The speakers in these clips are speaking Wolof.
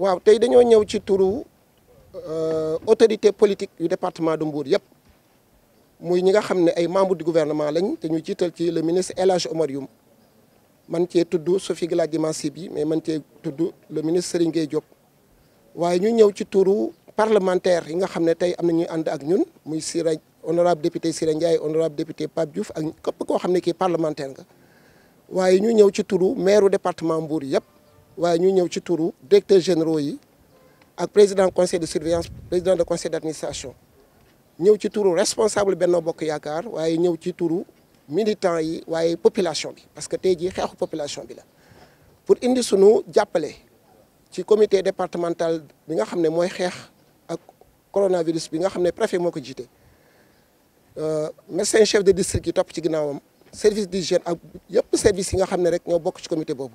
waaw tey dañoo ñëw ci turu euh, autorité politique yu département de Mbour yëpp muy ñi nga xam ne ay membre du gouvernement lañ te ñu jiital ci le ministre El Hadj Omar Youm man cee tudd Sophie Gladima Siby mais man cee tudd le ministre Serigne Gueye Diop waaye ñu ñëw ci turu parlementaire yi nga xam ne tey am na ñuy ànd ak ñun muy Sira honorable député Sira Ndiaye honorable député Pape Diouf ak képp koo xam ne parlementaire nga waaye ñu ñëw ci turu maire département Mbour yëpp waaye ñu ñëw ci turu directeurs généraux yi ak président conseil de surveillance président de conseil d'administration nous ci turu responsable Benno Bokk Yakar, nous ñëw ci turu militants yi population bi parce que tey jii xeexu population bi la pour indi sunu jàppale ci comité départemental bi nga xam ne ak coronavirus bi nga xam ne préfet moo euh, jiite médecin chef de district yi topp ci ginnaawam service d'hygiène ak yëpp service yi nga xam ne rek ñoo bokk ci comité bobu.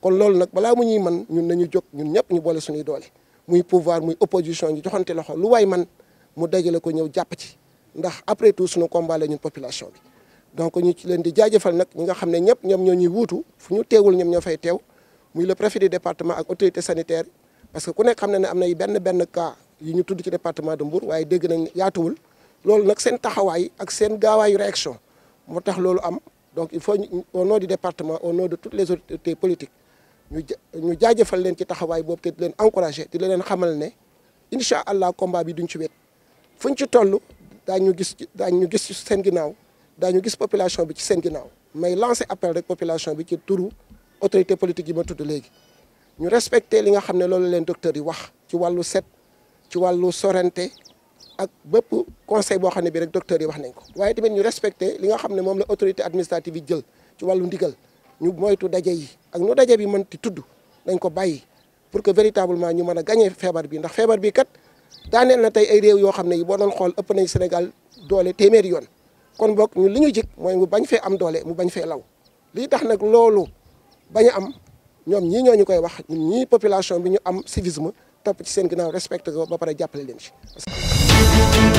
kon loolu nag balaa mu ñuy man ñun nañu jóg ñun ñëpp ñu boole suñuy doole muy pouvoir muy opposition ñu joxante loxo lu waay man mu dajale ko ñëw jàpp ci ndax après tout suñu combat la ñun population bi donc ñu ci leen di jaajëfal nag ñi nga xam ne ñëpp ñoom ñoo ñuy wuutu fu ñu teewul ñoom ñoo fay teew muy le préfet du département ak sanitaire parce que ku nekk xam ne ne am na benn benn cas ñu tudd ci département de Mbour waaye dégg nañ yaatuwul loolu nag seen taxawaay ak seen gaawaayu réaction moo tax loolu am donc il faut au nom du département au toutes les autorités politiques ñu ñu jaajëfal leen ci taxawaay boobu te di leen encouragé di leen xamal ne incha allah combat bi duñ ci wet fuñ ci toll daañu gis daañu gis ci seen ginnaaw daañu gis population bi ci seen ginnaaw may lancer appel rek population bi ci turu autorité politique yi ma tudd léegi. ñu respecté li nga xam ne loolu leen docteur yi wax ci wàllu set ci wàllu sorente ak bépp conseil boo xam ne bi rek docteur yi wax nañ ko waaye tamit ñu respecté li nga xam ne moom la autorité administrative yi jël ci wàllu ndigal. ñu moytu daje yi ak ñu daje bi mën ti tudd dañ ko bàyyi pour que véritablement ñu mën a gañee feebar bi ndax feebar bi kat daaneel na tey ay réew yoo xam ne yi boo doon xool ëpp nañ Sénégal doole téeméer yoon kon boog ñun li ñu jik mooy mu bañ fee am doole mu bañ fee law lii tax nag loolu bañ am ñoom ñii ñoo ñu koy wax ñii population bi ñu am civisme topp ci seen ginaaw respecté ko ba pare jàppale leen ci